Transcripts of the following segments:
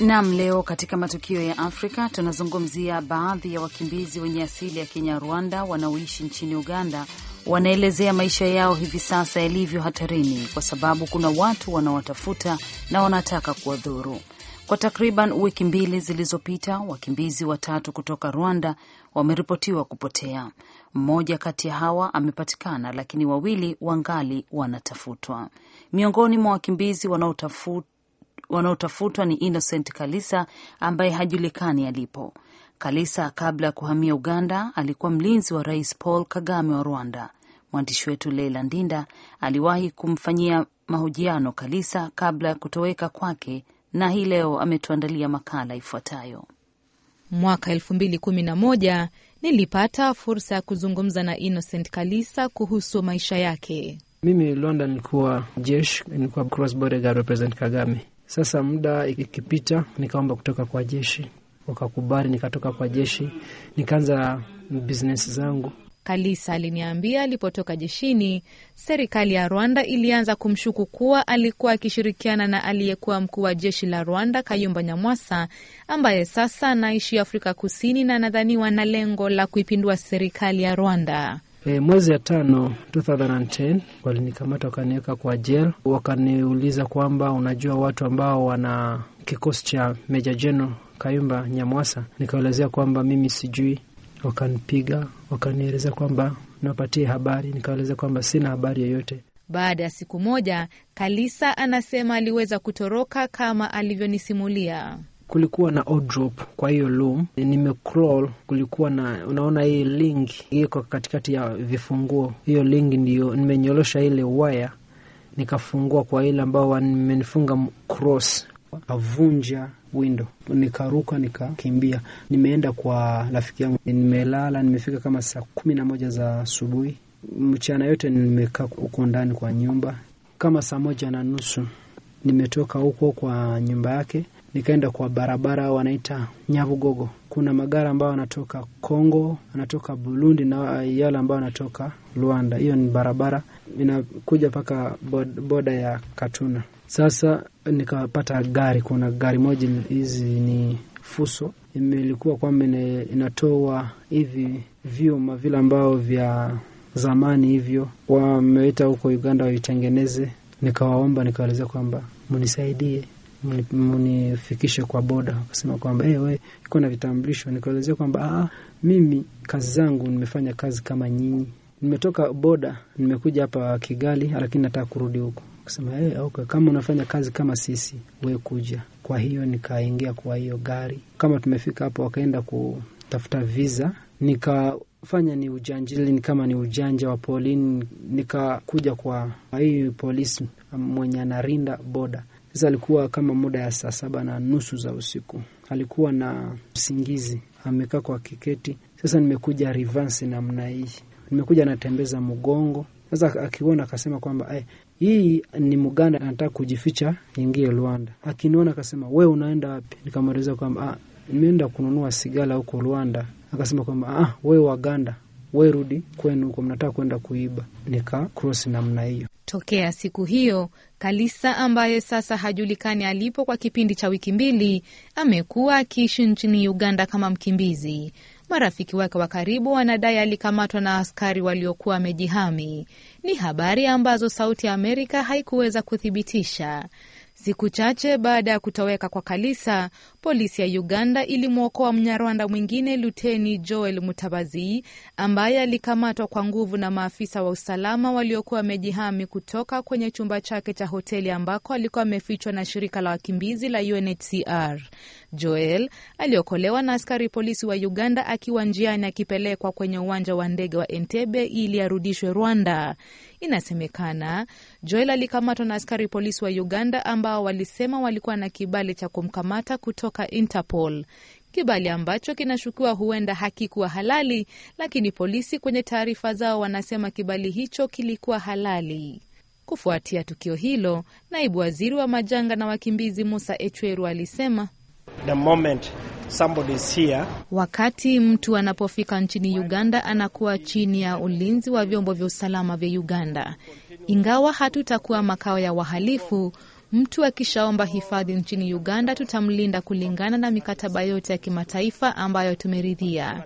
Nam, leo katika matukio ya Afrika tunazungumzia baadhi ya wakimbizi wenye asili ya Kenya Rwanda wanaoishi nchini Uganda wanaelezea maisha yao hivi sasa yalivyo hatarini, kwa sababu kuna watu wanaowatafuta na wanataka kuwadhuru. Kwa takriban wiki mbili zilizopita, wakimbizi watatu kutoka Rwanda wameripotiwa kupotea. Mmoja kati ya hawa amepatikana, lakini wawili wangali wanatafutwa. Miongoni mwa wakimbizi wanaotafutwa wanaotafutwa ni Innocent Kalisa ambaye hajulikani alipo. Kalisa kabla ya kuhamia Uganda alikuwa mlinzi wa Rais Paul Kagame wa Rwanda. Mwandishi wetu Leila Ndinda aliwahi kumfanyia mahojiano Kalisa kabla ya kutoweka kwake, na hii leo ametuandalia makala ifuatayo. Mwaka elfu mbili kumi na moja nilipata fursa ya kuzungumza na Innocent Kalisa kuhusu maisha yake. Mimi London nilikuwa jeshi, nilikuwa cross border represent Kagame sasa muda ikipita, nikaomba kutoka kwa jeshi, wakakubali, nikatoka kwa jeshi, nikaanza bizinesi zangu. Kalisa aliniambia alipotoka jeshini, serikali ya Rwanda ilianza kumshuku kuwa alikuwa akishirikiana na aliyekuwa mkuu wa jeshi la Rwanda Kayumba Nyamwasa, ambaye sasa anaishi Afrika Kusini na anadhaniwa na lengo la kuipindua serikali ya Rwanda. E, mwezi ya tano 2010 walinikamata wakaniweka kwa jel wakaniuliza kwamba unajua watu ambao wana kikosi cha Meja Jeno Kayumba Nyamwasa, nikaelezea kwamba mimi sijui. Wakanipiga, wakanieleza kwamba niwapatie habari, nikaeleza kwamba sina habari yoyote. Baada ya siku moja, Kalisa anasema aliweza kutoroka kama alivyonisimulia kulikuwa na odrop kwa hiyo loom crawl, kulikuwa na unaona, hii link iko katikati ya vifunguo. Hiyo link ndiyo nimenyolosha ile waya nikafungua kwa ile ambao nimenifunga cross, kavunja windo nikaruka, nikakimbia. Nimeenda kwa rafiki yangu, nimelala. Nimefika kama saa kumi na moja za asubuhi. Mchana yote nimekaa huko ndani kwa nyumba, kama saa moja na nusu nimetoka huko kwa nyumba yake nikaenda kwa barabara wanaita Nyavugogo. Kuna magari ambayo anatoka Kongo, anatoka Burundi na yale ambayo anatoka Rwanda. Hiyo ni barabara inakuja mpaka boda ya Katuna. Sasa nikapata gari, kuna gari moja hizi ni fuso imelikuwa kwamba inatoa hivi vyuma vile ambao vya zamani hivyo wameita huko Uganda waitengeneze. Nikawaomba, nikawaelezea kwamba mnisaidie mnifikishe kwa boda, akasema kwamba hey, eh, we iko na vitambulisho. Nikaelezea kwamba ah, ah, mimi kazi zangu nimefanya kazi kama nyinyi, nimetoka boda nimekuja hapa Kigali, lakini nataka kurudi huko. Akasema hey, eh, okay, kama unafanya kazi kama sisi, we kuja. Kwa hiyo nikaingia kwa hiyo gari, kama tumefika hapo, wakaenda kutafuta visa nika fanya ni ujanjili kama ni ujanja wa polini, nikakuja kwa hii polisi mwenye anarinda boda sasa alikuwa kama muda ya saa saba na nusu za usiku, alikuwa na usingizi, amekaa kwa kiketi. Sasa nimekuja rivansi namna hii, nimekuja natembeza mgongo. Sasa akiona akasema kwamba hey, eh, hii ni Muganda anataka kujificha, ingie Rwanda. Akiniona akasema we unaenda wapi? Nikamweleza kwamba ah, nimeenda kununua sigala huko Rwanda. Akasema kwamba ah, we Waganda, we rudi kwenu huko, mnataka kwenda kuiba. Nika cross namna hiyo Tokea siku hiyo Kalisa, ambaye sasa hajulikani alipo, kwa kipindi cha wiki mbili amekuwa akiishi nchini Uganda kama mkimbizi. Marafiki wake wa karibu wanadai alikamatwa na askari waliokuwa wamejihami. Ni habari ambazo Sauti ya Amerika haikuweza kuthibitisha. Siku chache baada ya kutoweka kwa Kalisa, polisi ya Uganda ilimwokoa Mnyarwanda mwingine Luteni Joel Mutabazii ambaye alikamatwa kwa nguvu na maafisa wa usalama waliokuwa wamejihami kutoka kwenye chumba chake cha hoteli ambako alikuwa amefichwa na shirika la wakimbizi la UNHCR. Joel aliokolewa na askari polisi wa Uganda akiwa njiani akipelekwa kwenye uwanja wa ndege wa Entebbe ili arudishwe Rwanda. Inasemekana Joel alikamatwa na askari polisi wa Uganda ambao walisema walikuwa na kibali cha kumkamata kutoka Interpol, kibali ambacho kinashukiwa huenda hakikuwa halali, lakini polisi kwenye taarifa zao wanasema kibali hicho kilikuwa halali. Kufuatia tukio hilo, naibu waziri wa majanga na wakimbizi Musa Echweru alisema the moment somebody is here. Wakati mtu anapofika nchini Uganda anakuwa chini ya ulinzi wa vyombo vya usalama vya Uganda. Ingawa hatutakuwa makao ya wahalifu, mtu akishaomba hifadhi nchini Uganda tutamlinda kulingana na mikataba yote ya kimataifa ambayo tumeridhia.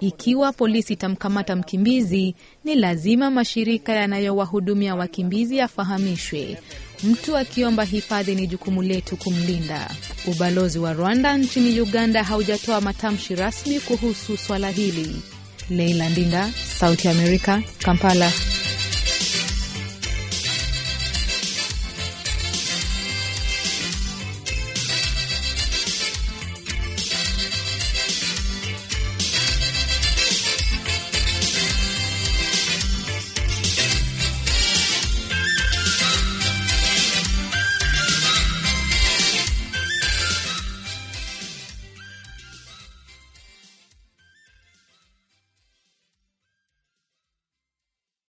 Ikiwa polisi itamkamata mkimbizi, ni lazima mashirika yanayowahudumia wakimbizi yafahamishwe. Mtu akiomba hifadhi ni jukumu letu kumlinda. Ubalozi wa Rwanda nchini Uganda haujatoa matamshi rasmi kuhusu swala hili. Leila Ndinda, Sauti ya Amerika, Kampala.